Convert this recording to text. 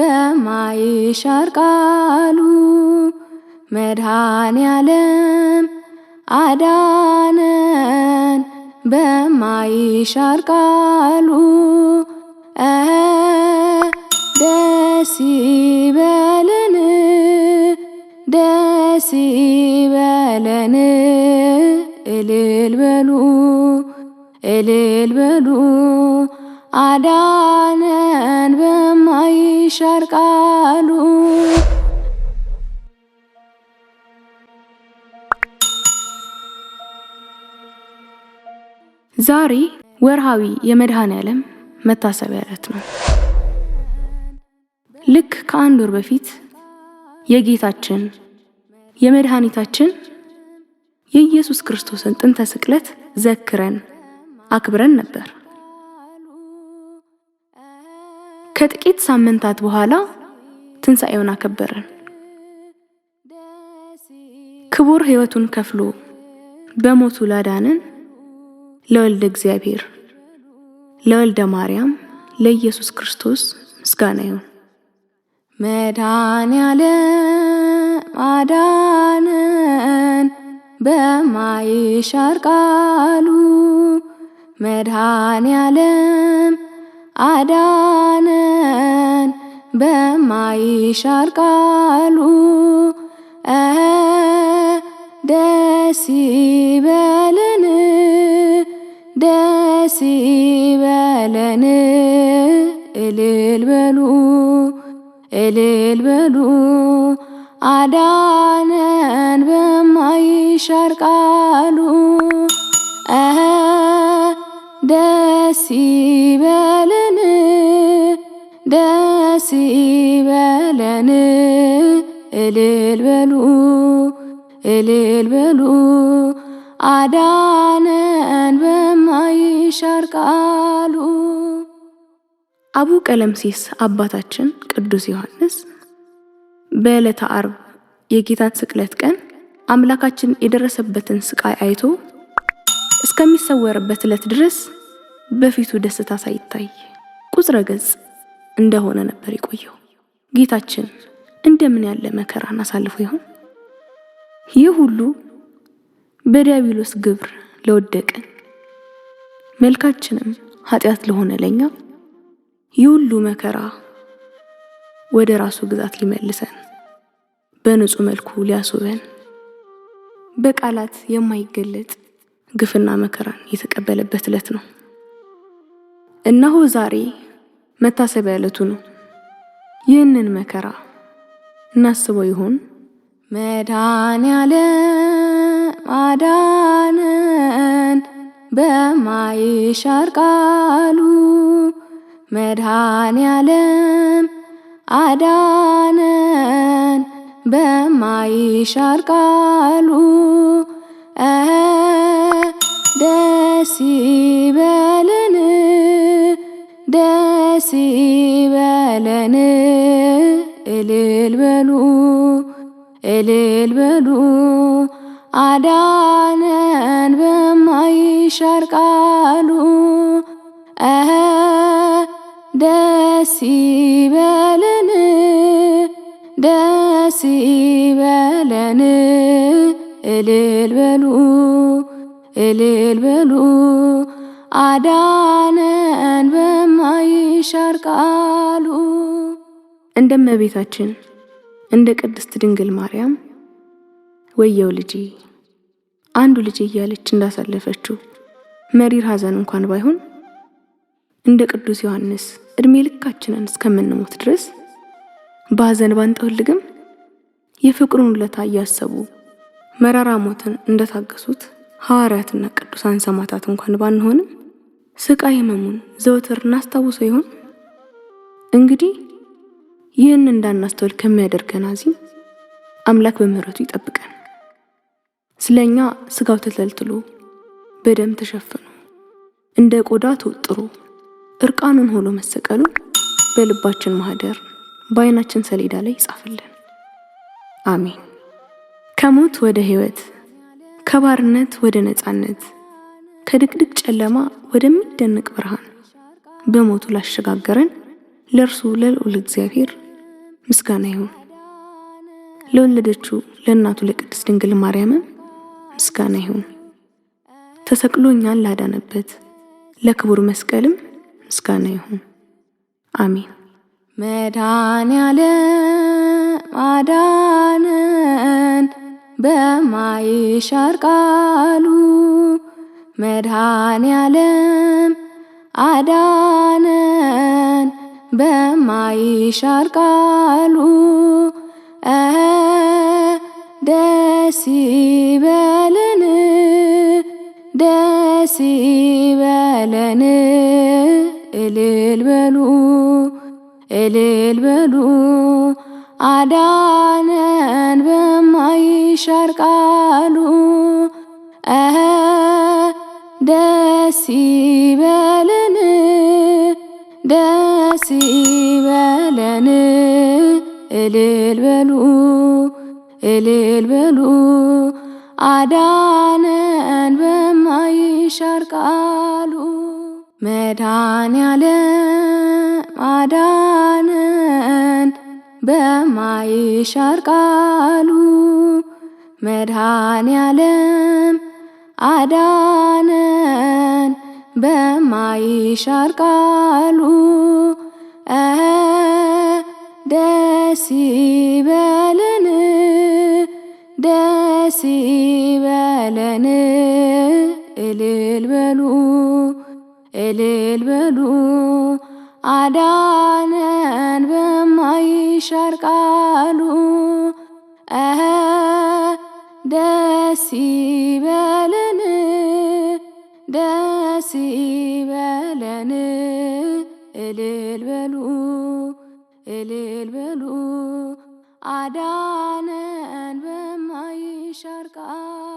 በማይሻር ቃሉ መድኃኔ ዓለም አዳነን በማይሻር ቃሉ ደስ ይበለን ደስ ይበለን እልል በሉ እልል በሉ አዳነን በማይ ሲሻር ዛሬ ወርሃዊ የመድኃኔ ዓለም መታሰቢያ ዕለት ነው። ልክ ከአንድ ወር በፊት የጌታችን የመድኃኒታችን የኢየሱስ ክርስቶስን ጥንተ ስቅለት ዘክረን አክብረን ነበር። ከጥቂት ሳምንታት በኋላ ትንሣኤውን አከበርን። ክቡር ሕይወቱን ከፍሎ በሞቱ ላዳንን ለወልደ እግዚአብሔር ለወልደ ማርያም ለኢየሱስ ክርስቶስ ምስጋና ይሁን። ያለ ማዳንን በማይሻር ቃሉ መድኃኔዓለም አዳነን በማይሻር ቃሉ ደስ ይበለን ደስ ይበለን እልል በሉ እልል በሉ አዳነን በማይሻር ቃሉ ደስ ቀን እልል በሉ እልል በሉ አዳነን በማይሻር ቃሉ። አቡ ቀለምሲስ አባታችን ቅዱስ ዮሐንስ በዕለተ ዓርብ የጌታን ስቅለት ቀን አምላካችን የደረሰበትን ስቃይ አይቶ እስከሚሰወርበት ዕለት ድረስ በፊቱ ደስታ ሳይታይ ቁጥረ ገጽ እንደሆነ ነበር የቆየው። ጌታችን እንደምን ያለ መከራን አሳልፎ ይሆን? ይህ ሁሉ በዲያብሎስ ግብር ለወደቀን መልካችንም ኃጢአት ለሆነ ለኛ ይህ ሁሉ መከራ ወደ ራሱ ግዛት ሊመልሰን በንጹህ መልኩ ሊያስውበን በቃላት የማይገለጥ ግፍና መከራን የተቀበለበት ዕለት ነው። እነሆ ዛሬ መታሰቢያ ዕለቱ ነው። ይህንን መከራ እናስበው ይሆን? መዳን ያለ ማዳንን በማይሻር ቃሉ መድኃኔ አዳነን በማይሻር ቃሉ ደሲ እልል በሉ እልል በሉ አዳነን በማይሻር ቃሉ እህ ደስ ይበለን ደስ ይበለን እልል በሉ እልል በሉ አዳነን በማይሻር ቃሉ እንደ እመቤታችን እንደ ቅድስት ድንግል ማርያም ወየው ልጄ አንዱ ልጄ እያለች እንዳሳለፈችው መሪር ሐዘን እንኳን ባይሆን እንደ ቅዱስ ዮሐንስ እድሜ ልካችንን እስከምንሞት ድረስ በሐዘን ባንጠወልግም የፍቅሩን ውለታ እያሰቡ መራራ ሞትን እንደታገሱት ሐዋርያትና ቅዱሳን ሰማዕታት እንኳን ባንሆንም ስቃይ ህመሙን ዘወትር እናስታውሰው ይሆን እንግዲህ ይህን እንዳናስተውል ከሚያደርገን አዚም አምላክ በምህረቱ ይጠብቀን። ስለ እኛ ስጋው ተተልትሎ በደም ተሸፍኖ እንደ ቆዳ ተወጥሮ እርቃኑን ሆኖ መሰቀሉ በልባችን ማህደር በአይናችን ሰሌዳ ላይ ይጻፍልን። አሜን። ከሞት ወደ ህይወት፣ ከባርነት ወደ ነፃነት፣ ከድቅድቅ ጨለማ ወደሚደንቅ ብርሃን በሞቱ ላሸጋገረን ለእርሱ ለልዑል እግዚአብሔር ምስጋና ይሁን። ለወለደችው ለእናቱ ለቅድስት ድንግል ማርያምም ምስጋና ይሁን። ተሰቅሎ እኛን ላዳነበት ለክቡር መስቀልም ምስጋና ይሁን። አሜን። መድኃኔዓለም አዳነን በማይሻር ቃሉ መድኃኔዓለም አዳነን በማይሻር ቃሉ ደስ ይበለን ደስ ይበለን እልል በሉ እልል በሉ አዳነን በማይሻር ቃሉ ደስ እልል በሉ እልል በሉ አዳነን በማይሻር ቃሉ መድኃኔዓለም አዳነን በማይሻር ቃሉ መድኃኔዓለም አዳነን በማይሻር ቃሉ ደስ ይበለን ደስ ይበለን እልል በሉ እልል በሉ አዳነን በማይሻር ቃሉ እኸ ደስ ይበለን ደስ ይበለን እልል በሉ ቃልን በማይሻር ቃል